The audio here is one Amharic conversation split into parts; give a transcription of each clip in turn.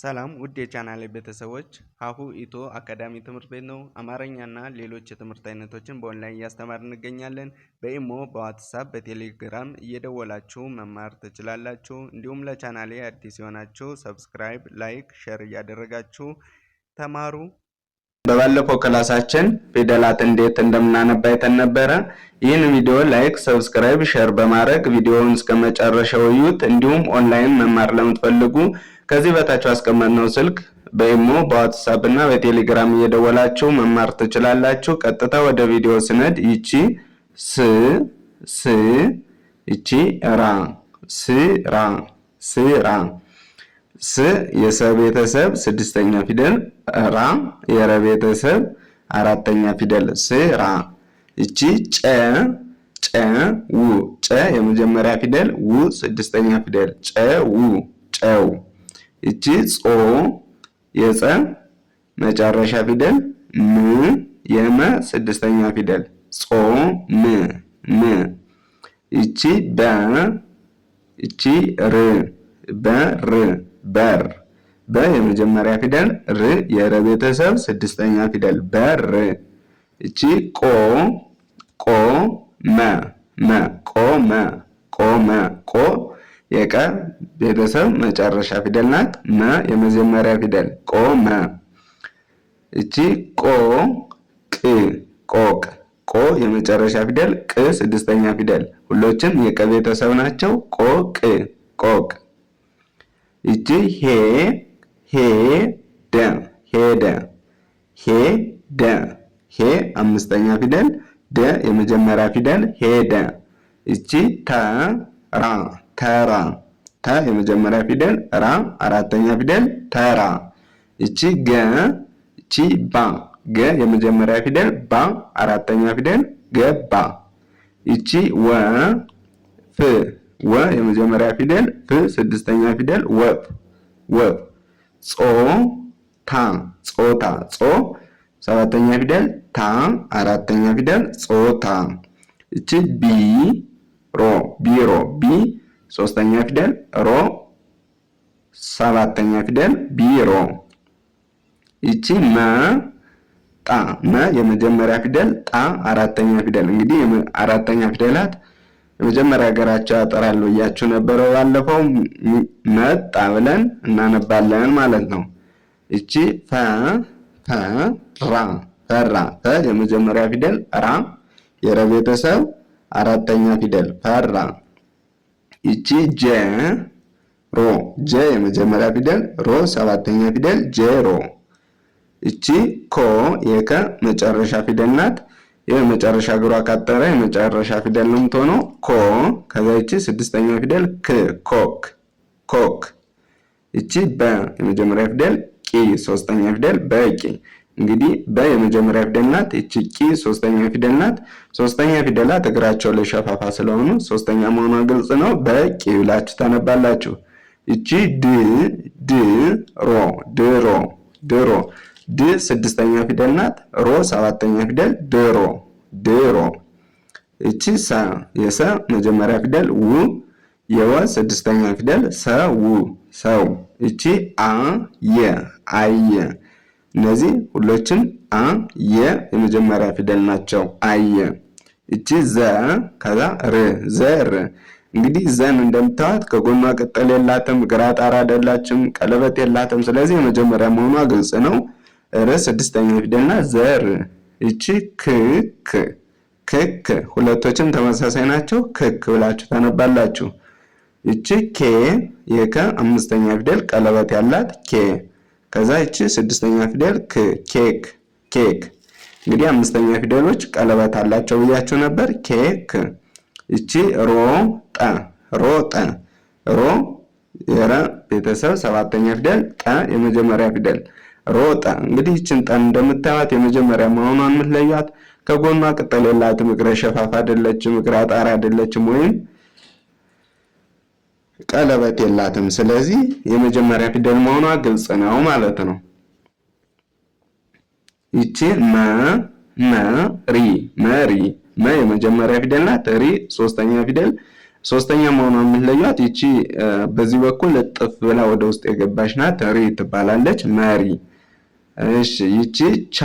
ሰላም ውድ የቻናሌ ቤተሰቦች፣ ሀሁ ኢትዮ አካዳሚ ትምህርት ቤት ነው። አማርኛና ሌሎች የትምህርት አይነቶችን በኦንላይን እያስተማር እንገኛለን። በኢሞ፣ በዋትሳፕ፣ በቴሌግራም እየደወላችሁ መማር ትችላላችሁ። እንዲሁም ለቻናሌ አዲስ የሆናችሁ ሰብስክራይብ፣ ላይክ፣ ሼር እያደረጋችሁ ተማሩ። በባለፈው ክላሳችን ፊደላት እንዴት እንደምናነባ አይተን ነበረ። ይህን ቪዲዮ ላይክ፣ ሰብስክራይብ፣ ሼር በማድረግ ቪዲዮውን እስከ መጨረሻው እዩት። እንዲሁም ኦንላይን መማር ለምትፈልጉ ከዚህ በታች አስቀመጥነው ስልክ በኢሞ በዋትሳፕ እና በቴሌግራም እየደወላችሁ መማር ትችላላችሁ። ቀጥታ ወደ ቪዲዮ ስነድ ይቺ ስ ስ ይቺ ራ ስራ ስራ ስ የሰ ቤተሰብ ስድስተኛ ፊደል ራ የረ ቤተሰብ አራተኛ ፊደል ስ ራ እቺ ጨ ጨ ው ጨ የመጀመሪያ ፊደል ው ስድስተኛ ፊደል ጨ ው ጨው እቺ ጾ የጸ መጨረሻ ፊደል ም የመ ስድስተኛ ፊደል ጾ ም ም እቺ በ እቺ ር በር በር በ የመጀመሪያ ፊደል ር የረ ቤተሰብ ስድስተኛ ፊደል በር። እቺ ቆ ቆ መ መ ቆ መ ቆ መ ቆ የቀ ቤተሰብ መጨረሻ ፊደል ናት። መ የመጀመሪያ ፊደል ቆ መ። እቺ ቆ ቅ ቆቅ ቆ የመጨረሻ ፊደል ቅ ስድስተኛ ፊደል ሁሎችም የቀ ቤተሰብ ናቸው። ቆ ቅ ቆቅ እጅ ሄ ሄደ ሄደ ሄደ ሄ አምስተኛ ፊደል ደ የመጀመሪያ ፊደል ሄደ። እቺ ተ ራ ተራ ተ የመጀመሪያ ፊደል ራ አራተኛ ፊደል ተራ። እቺ ገ እቺ ባ ገ የመጀመሪያ ፊደል ባ አራተኛ ፊደል ገባ። እቺ ወ ፍ ወ የመጀመሪያ ፊደል ፍ ስድስተኛ ፊደል ወፍ ወብ ጾ ታ ጾታ ጾ ሰባተኛ ፊደል ታ አራተኛ ፊደል ጾታ። እቺ ቢ ሮ ቢሮ ቢ ሶስተኛ ፊደል ሮ ሰባተኛ ፊደል ቢሮ። ይቺ መ ጣ መ የመጀመሪያ ፊደል ጣ አራተኛ ፊደል እንግዲህ አራተኛ ፊደላት የመጀመሪያ ሀገራቸው ያጠራሉ እያችሁ ነበረ። ባለፈው መጣ ብለን እናነባለን ማለት ነው። እቺ ፈ ፈ ራ ፈራ ፈ የመጀመሪያ ፊደል ራ የረ ቤተሰብ አራተኛ ፊደል ፈራ። እቺ ጀ ሮ ጀ የመጀመሪያ ፊደል ሮ ሰባተኛ ፊደል ጄ ሮ። እቺ ኮ የከ መጨረሻ ፊደል ናት። የመጨረሻ እግሯ ካጠረ የመጨረሻ ፊደል ነው የምትሆነው ኮ። ከዛ ይቺ ስድስተኛው ፊደል ክ ኮክ ኮክ። ይቺ በ የመጀመሪያ ፊደል ቂ ሶስተኛ ፊደል በቂ። እንግዲህ በ የመጀመሪያ ፊደል ናት። ይቺ ቂ ሶስተኛ ፊደል ናት። ሶስተኛ ፊደላት እግራቸው ላይ ሸፋፋ ስለሆኑ ሶስተኛ መሆኗ ግልጽ ነው። በቂ ብላችሁ ታነባላችሁ። ይቺ ድ ድ ሮ ድሮ ድሮ ድ ስድስተኛ ፊደል ናት። ሮ ሰባተኛ ፊደል ድሮ ድሮ። እቺ ሰ የሰ መጀመሪያ ፊደል ው የወ ስድስተኛ ፊደል ሰው ሰው። እቺ አ የ አየ። እነዚህ ሁሎችም አ የ የመጀመሪያ ፊደል ናቸው። አየ። እቺ ዘ ከዛ ር ዘር። እንግዲህ ዘን እንደምታዋት ከጎኗ ቅጠል የላትም፣ ግራ ጣራ አይደላችም፣ ቀለበት የላትም። ስለዚህ የመጀመሪያ መሆኗ ግልጽ ነው። ር ስድስተኛ ፊደልና ዘር እቺ ክክ ክክ ሁለቶችም ተመሳሳይ ናቸው። ክክ ብላችሁ ታነባላችሁ። እቺ ኬ የከ አምስተኛ ፊደል ቀለበት ያላት ኬ። ከዛ እቺ ስድስተኛ ፊደል ክ ኬክ ኬክ። እንግዲህ አምስተኛ ፊደሎች ቀለበት አላቸው ብያችሁ ነበር። ኬክ እቺ ሮ ጠ ሮ ጠ ሮ የረ ቤተሰብ ሰባተኛ ፊደል ጠ የመጀመሪያ ፊደል ሮጠ። እንግዲህ ይችን ጠን እንደምታዩት የመጀመሪያ መሆኗን የምትለዩት ከጎኗ ቅጠል የላትም፣ እግረ ሸፋፍ አይደለችም፣ እግረ አጣሪ አይደለችም፣ ወይም ቀለበት የላትም። ስለዚህ የመጀመሪያ ፊደል መሆኗ ግልጽ ነው ማለት ነው። ይቺ መ መ ሪ መሪ መ የመጀመሪያ ፊደል ናት። ሪ ሶስተኛ ፊደል ሶስተኛ መሆኗ የምትለዩት ይቺ በዚህ በኩል እጥፍ ብላ ወደ ውስጥ የገባች ናት። ሪ ትባላለች። መሪ እሺ ይቺ ቻ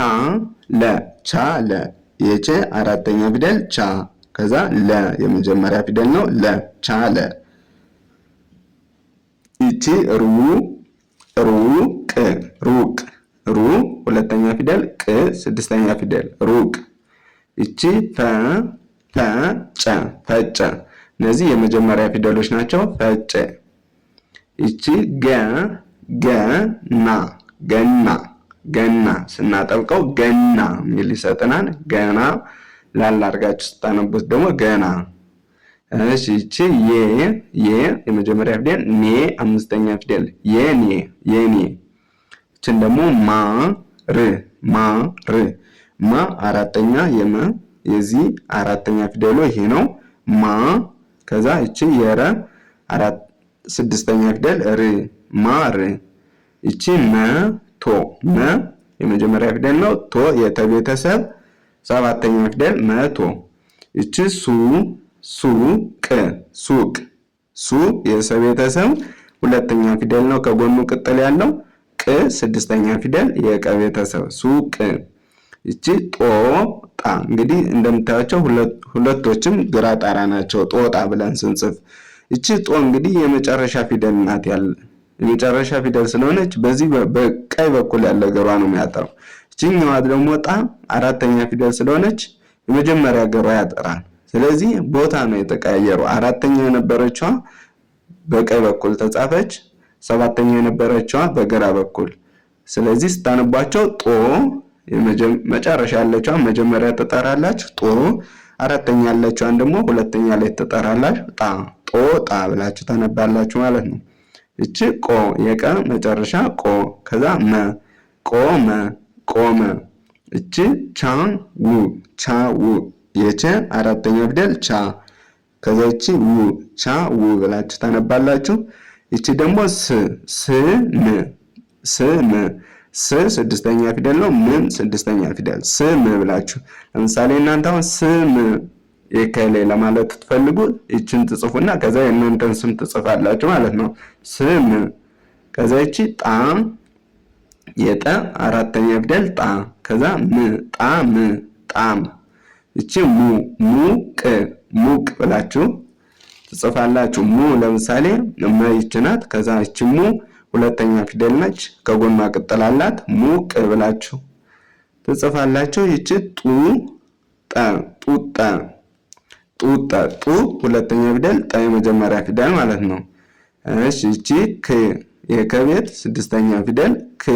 ለ ቻ ለ የቼ አራተኛ ፊደል ቻ ከዛ ለ የመጀመሪያ ፊደል ነው። ለ ቻ ለ ይቺ ሩ ሩቅ ሩቅ ሩ ሁለተኛ ፊደል ቅ ስድስተኛ ፊደል ሩቅ ይቺ ፈ ፈጨ ፈጨ እነዚህ የመጀመሪያ ፊደሎች ናቸው። ፈጨ ይቺ ገ ገና ገና ገና ስናጠብቀው ገና የሚል ይሰጠናል። ገና ላላ አድርጋችሁ ስታነቡት ደግሞ ገና። እሺ ይቺ የ የ የመጀመሪያ ፊደል ኔ አምስተኛ ፊደል የኔ የኔ። ይችን ደግሞ ማ ር ማ ር ማ አራተኛ የመ የዚህ አራተኛ ፊደሉ ይሄ ነው። ማ ከዛ ይቺ የረ አራት ስድስተኛ ፊደል ር ማር ይቺ መ ቶ መ የመጀመሪያ ፊደል ነው። ቶ የተቤተሰብ ሰባተኛ ፊደል መቶ። እቺ ሱ ሱቅ ሱቅ ሱ የሰቤተሰብ ሁለተኛ ፊደል ነው ከጎኑ ቅጥል ያለው። ቅ ስድስተኛ ፊደል የቀቤተሰብ ሱቅ። እቺ ጦጣ እንግዲህ እንደምታያቸው ሁለቶችም ግራ ጣራ ናቸው። ጦጣ ብለን ስንጽፍ እቺ ጦ እንግዲህ የመጨረሻ ፊደል ናት ያለ የመጨረሻ ፊደል ስለሆነች በዚህ በቀኝ በኩል ያለ ገሯ ነው የሚያጠራው። እችኛዋ ደግሞ ጣም አራተኛ ፊደል ስለሆነች የመጀመሪያ ገሯ ያጠራል። ስለዚህ ቦታ ነው የተቀያየሩ። አራተኛ የነበረችዋ በቀኝ በኩል ተጻፈች፣ ሰባተኛ የነበረችዋ በግራ በኩል። ስለዚህ ስታነቧቸው ጦ መጨረሻ ያለችዋ መጀመሪያ ትጠራላች ጦ፣ አራተኛ ያለችዋን ደግሞ ሁለተኛ ላይ ትጠራላች ጣ። ጦ ጣ ብላችሁ ታነባላችሁ ማለት ነው። እች ቆ የቀ መጨረሻ ቆ ከዛ መ ቆመ ቆመ። እች ቻን ው ቻ ው የቸ አራተኛ ፊደል ቻ ከዛ እቺ ው ቻ ው ብላችሁ ታነባላችሁ። እቺ ደግሞ ስ ስ ም ስ ም ስ ስድስተኛ ፊደል ነው። ምን ስድስተኛ ፊደል ስም ብላችሁ ለምሳሌ እናንተ አሁን ስም ከሌ ለማለት ትፈልጉ ይችን ትጽፉና ከዛ የእናንተን ስም ትጽፋላችሁ ማለት ነው። ስም ከዛ ይቺ ጣ የጠ አራተኛ ፊደል ጣ ከዛ ም ጣ ም ጣም ይቺ ሙ ሙቅ ሙቅ ብላችሁ ትጽፋላችሁ። ሙ ለምሳሌ መ ይች ናት። ከዛ ይቺ ሙ ሁለተኛ ፊደል ነች። ከጎኗ ቅጥል አላት። ሙቅ ብላችሁ ትጽፋላችሁ። ይቺ ጡ ጠ ጡጠ ጡጣ ጡ ሁለተኛ ፊደል ጠ የመጀመሪያ ፊደል ማለት ነው። እሺ እቺ ክ የከቤት ስድስተኛ ፊደል ክ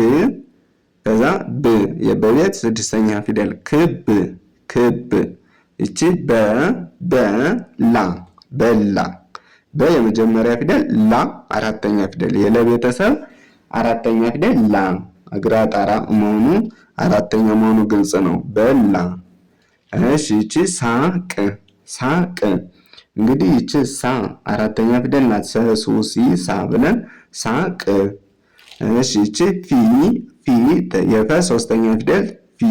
ከዛ ብ የበቤት ስድስተኛ ፊደል ክብ ክብ። እቺ በ በ ላ በላ በ የመጀመሪያ ፊደል ላ አራተኛ ፊደል የለቤተሰብ አራተኛ ፊደል ላ እግራ ጣራ መሆኑ አራተኛ መሆኑ ግልጽ ነው። በላ እሺ እቺ ሳቅ ሳቅ። እንግዲህ ይች ሳ አራተኛ ፊደል ናት። ሰሱ ሲ ሳ ብለን ሳቅ። እሺ ይች ፊ ፊ የፈ ሶስተኛ ፊደል ፊ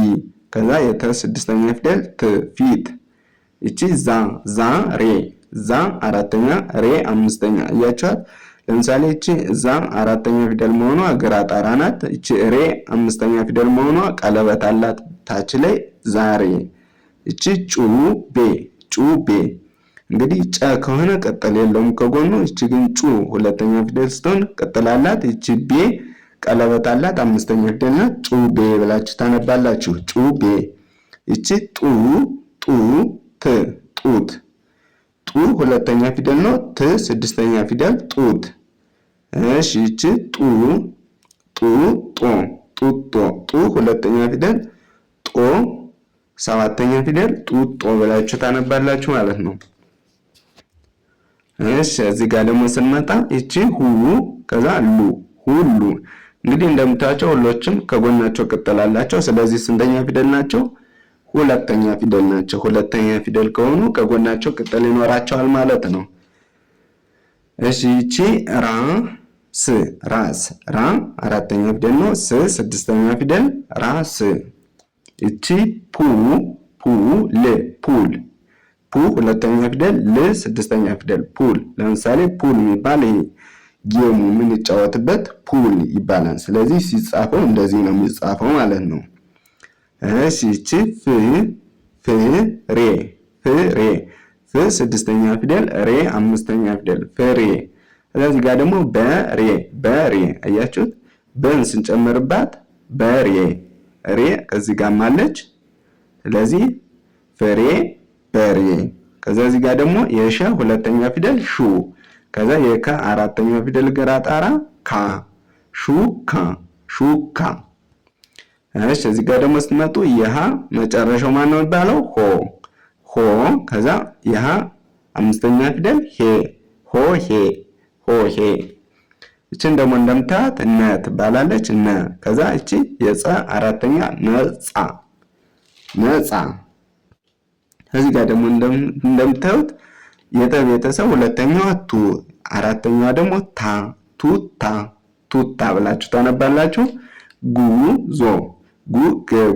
ከዛ የተ ስድስተኛ ፊደል ት ፊት። ይቺ ዛ ዛ ሬ ዛ አራተኛ ሬ አምስተኛ እያቸዋል። ለምሳሌ ይቺ ዛ አራተኛ ፊደል መሆኗ ግራ ጣራ ናት። ይቺ ሬ አምስተኛ ፊደል መሆኗ ቀለበት አላት ታች ላይ ዛሬ። ይቺ ጩ ቤ ጩቤ። እንግዲህ ጨ ከሆነ ቀጠል የለውም ከጎኑ። እቺ ግን ጩ ሁለተኛ ፊደል ስትሆን ቀጠል አላት። እቺ ቤ ቀለበት አላት። አምስተኛ ፊደል ናት። ጩቤ ብላችሁ ታነባላችሁ። ጩቤ። እቺ ጡ ጡ ት ጡት። ጡ ሁለተኛ ፊደል ነው። ት ስድስተኛ ፊደል ጡት። እሺ እቺ ጡ ጡ ጦ ጡጦ። ጡ ሁለተኛ ፊደል ጦ ሰባተኛ ፊደል ጡጦ ብላችሁ ታነባላችሁ ማለት ነው። እሺ እዚህ ጋር ደግሞ ስንመጣ እቺ ሁሉ ከዛ ሉ ሁሉ። እንግዲህ እንደምታቸው ሁሎችም ከጎናቸው ቅጥል አላቸው። ስለዚህ ስንተኛ ፊደል ናቸው? ሁለተኛ ፊደል ናቸው። ሁለተኛ ፊደል ከሆኑ ከጎናቸው ቅጥል ይኖራቸዋል ማለት ነው። እሺ ይቺ ራ ስ ራስ ራ አራተኛ ፊደል ነው። ስ ስድስተኛ ፊደል ራስ እቺ ፑ ፑ ል ፑል ፑ ሁለተኛ ፊደል ል ስድስተኛ ፊደል ፑል። ለምሳሌ ፑል የሚባል ይሄ ጌሙ የምንጫወትበት ፑል ይባላል። ስለዚህ ሲጻፈው እንደዚህ ነው የሚጻፈው ማለት ነው። እሺ እቺ ፍ ፍ ሬ ፍ ሬ ፍ ስድስተኛ ፊደል ሬ አምስተኛ ፊደል ፍሬ። ስለዚህ ጋር ደግሞ በሬ በሬ አያችሁት በን ስንጨምርባት በሬ ሬ ከዚህ ጋር ማለች። ስለዚህ ፍሬ በሬ። ከዛ እዚህ ጋር ደግሞ የሸ ሁለተኛ ፊደል ሹ። ከዛ የከ አራተኛ ፊደል ግራ ጣራ ካ ሹካ ሹካ። እሺ እዚህ ጋር ደግሞ ስትመጡ የሃ መጨረሻው ማን ነው የሚባለው? ሆ ሆ። ከዛ የሃ አምስተኛ ፊደል ሄ ሆ ሄ ሆ ሄ እችን ደግሞ እንደምታያት እነ ትባላለች። እነ ከዛ እቺ የፀ አራተኛ ነፃ ነፃ። እዚህ ጋር ደግሞ እንደምታዩት የጠ ቤተሰብ ሁለተኛዋ ቱ፣ አራተኛዋ ደግሞ ታ፣ ቱታ፣ ቱታ ብላችሁ ታነባላችሁ። ጉዞ ጉ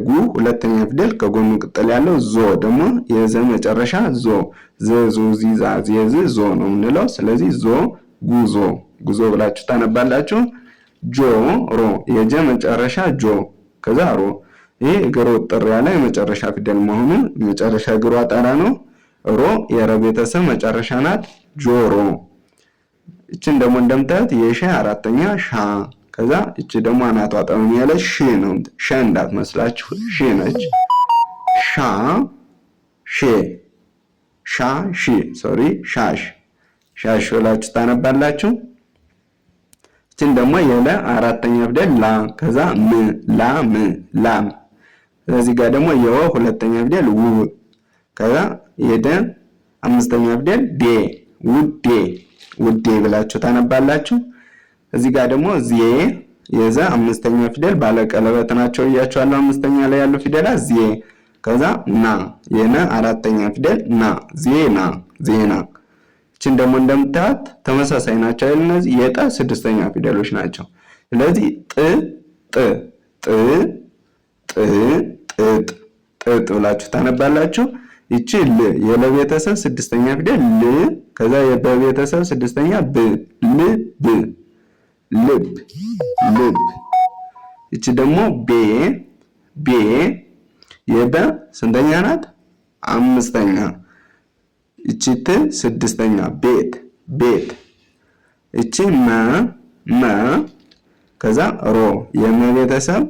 ጉ ሁለተኛ ፊደል ከጎኑ ቅጠል ያለው ዞ ደግሞ የዘ መጨረሻ ዞ ዘ ዞ ዚ ዛ ዝ ዞ ነው የምንለው። ስለዚህ ዞ ጉዞ ጉዞ ብላችሁ ታነባላችሁ። ጆ ሮ የጀ መጨረሻ ጆ ከዛ ሮ። ይህ እግር ጥር ያለ የመጨረሻ ፊደል መሆኑን የመጨረሻ እግሯ አጣራ ነው። ሮ የረ ቤተሰብ መጨረሻ ናት። ጆሮ እችን ደግሞ እንደምታዩት የሸ አራተኛ ሻ ከዛ እቺ ደግሞ አናቷ ጠመም ያለ ሺ ነው። ሸ እንዳትመስላችሁ ሺ ነች። ሻ ሼ ሻ ሺ ሶሪ ሻሽ ሻሽ ብላችሁ ታነባላችሁ። ችን ደግሞ የለ አራተኛ ፊደል ላ ከዛ ም ላ ም ላም። እዚህ ጋር ደግሞ የወ ሁለተኛ ፊደል ው ከዛ የደ አምስተኛ ፊደል ዴ ውዴ ውዴ ብላችሁ ታነባላችሁ። እዚህ ጋር ደግሞ ዜ የዘ አምስተኛ ፊደል ባለቀለበት ናቸው እያችኋለሁ። አምስተኛ ላይ ያሉ ፊደላት ዜ ከዛ ና የነ አራተኛ ፊደል ና ዜና ዜና እችን ደግሞ እንደምታያት ተመሳሳይ ናቸው እነዚህ የጠ ስድስተኛ ፊደሎች ናቸው። ስለዚህ ጥ ጥ ጥ ጥ ጥጥ ጥጥ ብላችሁ ታነባላችሁ። ይቺ ል የለቤተሰብ ስድስተኛ ፊደል ል፣ ከዛ የበቤተሰብ ስድስተኛ ብ ብ ልብ ልብ። ይቺ ደግሞ ቤ ቤ የበ ስንተኛ ናት? አምስተኛ እቺት ስድስተኛ ቤት ቤት እቺ መ መ ከዛ ሮ የመ ቤተሰብ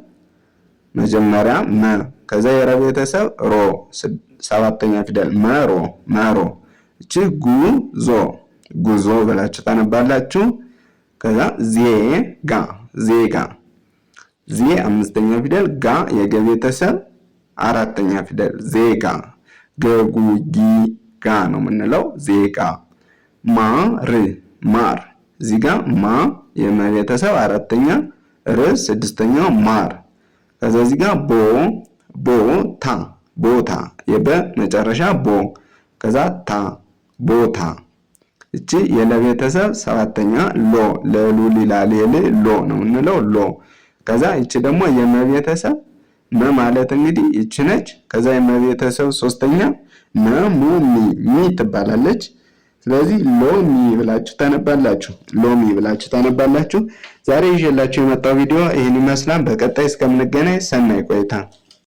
መጀመሪያ መ ከዛ የረ ቤተሰብ ሮ ሰባተኛ ፊደል መሮ መሮ እቺ ጉዞ ጉዞ ብላችሁ ታነባላችሁ። ከዛ ዜጋ ዜጋ ዜ አምስተኛ ፊደል ጋ የገ ቤተሰብ አራተኛ ፊደል ዜጋ ገጉጊ ጋ ነው የምንለው። ዜጋ ማር ማር እዚህ ጋር ማ የመቤተሰብ አራተኛ ር ስድስተኛው ማር። ከዛ እዚህ ጋር ቦ ቦታ ቦታ የበ መጨረሻ ቦ ከዛ ታ ቦታ። እቺ የለቤተሰብ ሰባተኛ ሎ ለሉ ሊላሌል ሎ ነው የምንለው ሎ። ከዛ እቺ ደግሞ የመቤተሰብ በማለት እንግዲህ ይች ነች። ከዛ የመቤተሰብ ሶስተኛ ነሙሚ ሚ ትባላለች። ስለዚህ ሎሚ ብላችሁ ታነባላችሁ። ሎሚ ብላችሁ ታነባላችሁ። ዛሬ ይዤላችሁ የመጣው ቪዲዮ ይህን ይመስላል። በቀጣይ እስከምንገናኝ ሰናይ ቆይታ